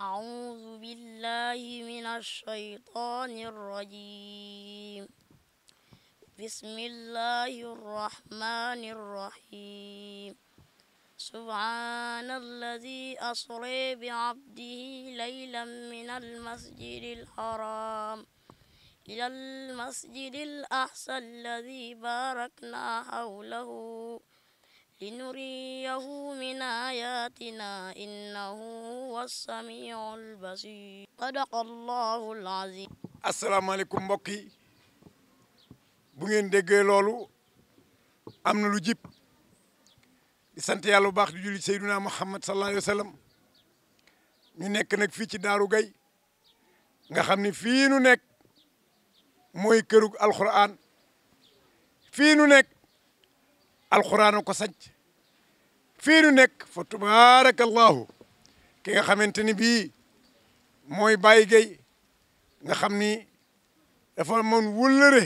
أعوذ بالله من الشيطان الرجيم بسم الله الرحمن الرحيم سبحان الذي أسري بعبده ليلا من المسجد الحرام إلى المسجد الأقصى الذي باركنا حوله لنريه من آياتنا إنه هو السميع البصير صدق الله العظيم asalaamaaleykum mbokk yi bu ngeen déggee loolu am na lu jib di sant yàlla bu baax di julli Seyduna Muhammad sallallahu alayhi wa sallam ñu nekk nag fii ci Daaru Gay nga xam ni fii nu nekk mooy kërug alxuraan fii nu nekk alxuraan ko sanc fii nu nekk fa tubaarakallaahu ki nga xamante ni bii mooy Baye Gueye nga xam ni dafa mën wëllëre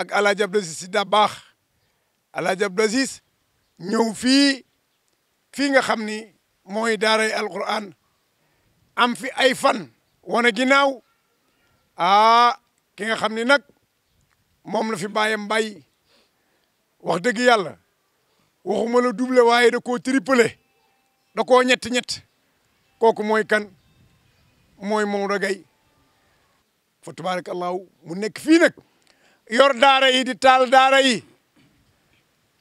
ak El Hadj Abdou Aziz Sy Dabakh El Hadj Abdou Aziz ñëw fii fii nga xam ni mooy daaray alquran am fi ay fan wane ginnaaw aa ki nga xam ni nag moom la fi bàyyam bàyyi wax dëgg yàlla waxuma la duble waaye da koo triplé da koo ñetti ñett kooku mooy kan mooy Maodo Gaye fa tabaarakallaahu mu nekk fii nag yor daara yi di taal daara yi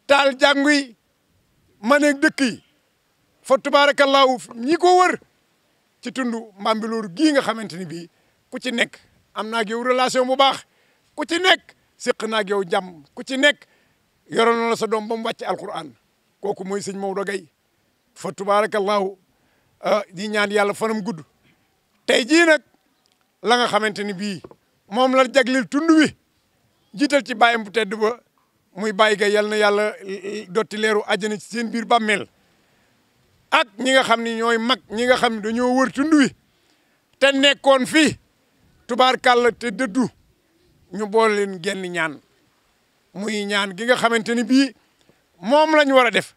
taal jàngu yi maneeg dëkk yi fa tabaarakallaahu ko wër ci tund Mbambilor gii nga xamante ni bii ku ci nekk am naa ak yow relation bu baax ku ci nekk séq naa ak yow ku ci nekk yoroon la sa doom ba mu wàcc alquran kooku mooy sëñ Maodo Gaye fa tubaarakallaahu ah, di ñaan yàlla fanam gudd tey jii nag la nga xamante ni bii moom la jaglil tund wi jiital ci bàyyam bu tedd ba muy bàyyi ga yal na yàlla dotti leeru àjjana ci seen biir bàmmeel ak ñi nga xam ni ñooy mag ñi nga xam ne dañoo wër tund wi te nekkoon fii tubaarkàlla te dëddu ñu boole leen genn ñaan muy ñaan ki nga xamante ni bii moom lañu ñu war a def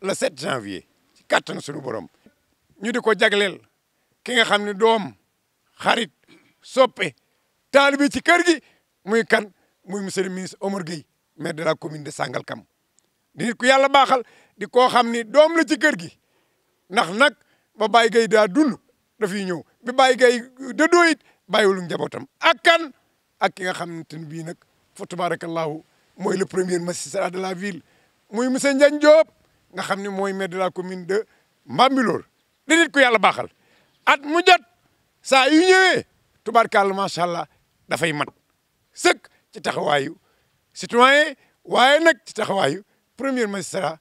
le 7 janvier ci kàttan suñu borom. ñu di ko jagleel ki nga xam ne doom xarit soppe taalibe ci kër gi muy kan muy monsieur le ministre Omar Gueye maire de commune de Sangalkam di ku yàlla baaxal di koo xam ni doom la ci kër gi ndax nag ba Baye Gueye daa dund dafiy ñëw bi Baye Gueye dëddoo it bàyyiwul njabootam ak kan ak ki nga xamante ni bii nag fa tabarakallahu mooy le premier magistrat de la ville mooy monsieur Ndiagne Diop nga xam ni mooy maire de la commune de Mbambilor di nit ko yàlla baaxal at mu jot saa yu ñëwee tubaarkàlla macha allah dafay mat sek ci taxawaayu citoyen waaye nag ci taxawaayu premier magistrat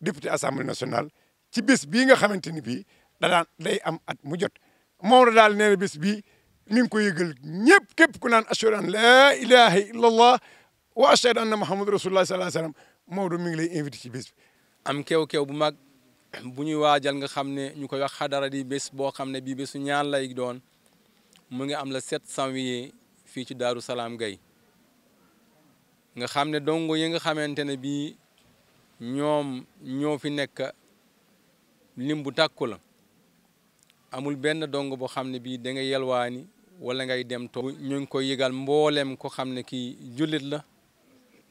député assemblée nationale ci bés bi nga xamante ni bii da daan day am at mujot jot moom la daal bi na bés bii mi ngi ko ñëpp képp ku naan ashuran laa ilaha illallah waa ashhadu anna muhammad rasulullah sallallahu alayhi Maodo mi ngi lay invité ci bés bi am kew-kew bu mag bu ñuy waajal nga xam ne ñu koy wax xadara di bés boo xam ne bii bésu ñaan lay doon mu ngi am la 7 janvier fii ci Daaru Salaam Gaye nga xam ne dongo yi nga xamante ne bii ñoom ñoo fi nekk lim bu tàkku la amul benn dongo boo xam ne bii da nga yelwaani wala ngay dem to ñu ngi koy yëgal mbooleem ko xam ne kii jullit la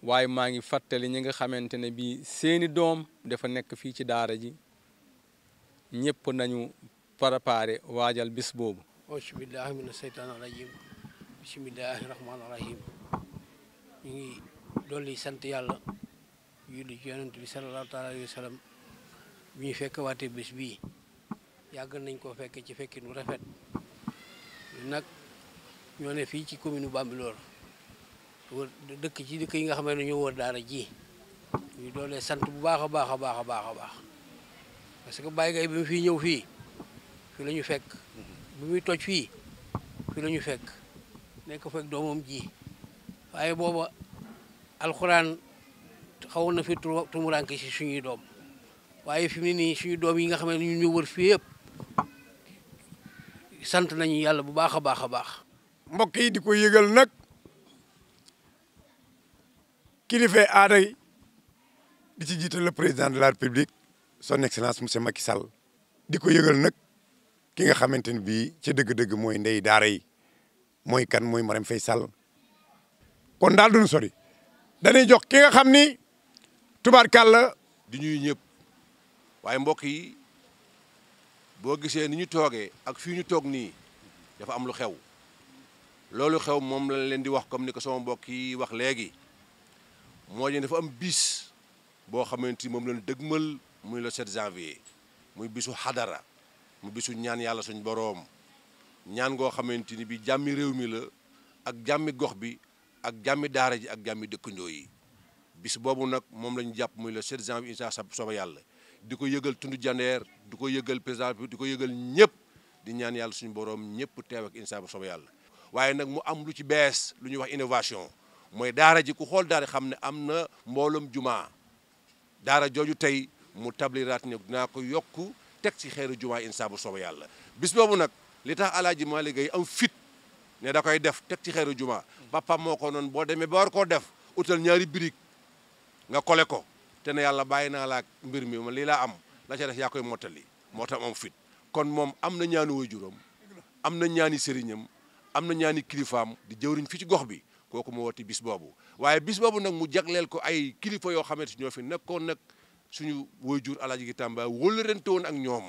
waaye maa ngi fàttali ñi nga xamante ne bii seeni doom dafa nekk fii ci daara ji ñëpp nañu préparé waajal bis boobu auzubillahi mina seytaani rajim bismillahi rahmaani rahim ñu ngi dolli sant yàlla julli ci yonent bi sallallahu taala alayhi bi ñu fekk waate bis bii yàgg nañ koo fekkee ci fekki nu rafet ñu nag ñoo ne fii ci commune Bambilor wër dëkk ci dëkk yi nga xam ne ñoo wër a ji ñu doolee sant bu baax a baax a baax baax a baax parce que Baye Gaye bi mu fii ñëw fii fi la ñu fekk bi muy toj fii fi la ñu fekk nekk fekk doomam ji waaye booba alxuraan xawoon na fi tumuranke si suñuy doom waaye fi mu nii suñu doom yi nga xam ne ñu ñu wër fii yëpp sant nañu yàlla bu baax a baax a baax mbokk yi di ko yëgal nag kilifa aada yi di ci jiital le président de la république son excellence monsieur Macky sal di ko yëgal nag ki nga xamante ni bii ci dëgg-dëgg mooy ndey daara yi mooy kan mooy Marème Faye sal kon daal duñu sori dañuy jox ki nga xam ni tubaarkàlla di ñuy ñëpp waaye mbokk yi boo gisee ni ñu toogee ak fii ñu toog nii dafa am lu xew loolu xew moom la leen di wax comme ni ko sama mbokk yi wax léegi moo ne dafa am bis boo xamante ni moom lañ dëgmal muy la 7 janvier muy bisu xadara mu bisu ñaan yàlla suñ boroom ñaan goo xamante ni bi jàmmi réew mi la ak jàmmi gox bi ak jàmmi daara ji ak jàmmi dëkkandoo yi bis boobu nag moom lañu jàpp muy la 7 janvier incha allah soba yàlla di ko yëgal tund jandeer di ko yëgal président bi di ko yëgal ñëpp di ñaan yàlla suñu boroom ñëpp teew ak incha allah yàlla waaye nag mu am lu ci bees lu ñuy wax innovation mooy daara ji ku xool daara xam ne am na mbooloom jumaa daara jooju tey mu tabliraat ne dinaa ko yokk teg ci xeeru jumaa insa bu sooba yàlla bis boobu nag li tax alaaji Malick Gueye am fit ne da koy def teg ci xeeru jumaa papaam moo ko noonu boo demee ba war koo def utal ñaari birig nga kole ko te ne yàlla bàyyi naa laa mbir mi lii laa am la ca def yaa koy mottali moo tax am fit kon moom am na ñaani waajuram am na ñaani sëriñam am na ñaani kilifaam di jëwriñ fi ci gox bi kooku moo wati bis boobu waaye bis boobu nag mu jagleel ko ay kilifa yoo xamante ñoo fi nekkoon nag suñu waajur Alaaji gi Tamba wóllërante woon ak ñoom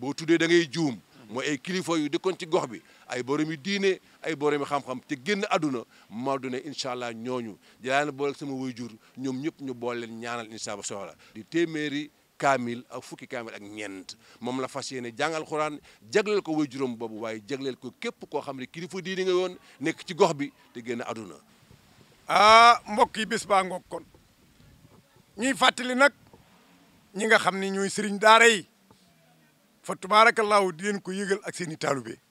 boo tuddee da ngay juum moo ay kilifa yu dëkkoon ci gox bi ay boromi diine ay boromi xam-xam te génn àdduna Maodo ne incha allah ñooñu jëlaat na boole sama waajur ñoom ñëpp ñu boole leen ñaanal incha allah soxla di téeméeri. kaamil ak fukki kaamil ak ñeent moom la fas yéene jàngal xuraan jagleel ko way juróom boobu waaye jagleel ko képp koo xam ne kilifa diini nga woon nekk ci gox bi te génn àdduna ah mbokk yi bés baa ngoog kon ñuy fàttali nag ñi nga xam ni ñooy sëriñ daara yi fa tabaarakallaahu di leen ko yëgal ak seen i taalube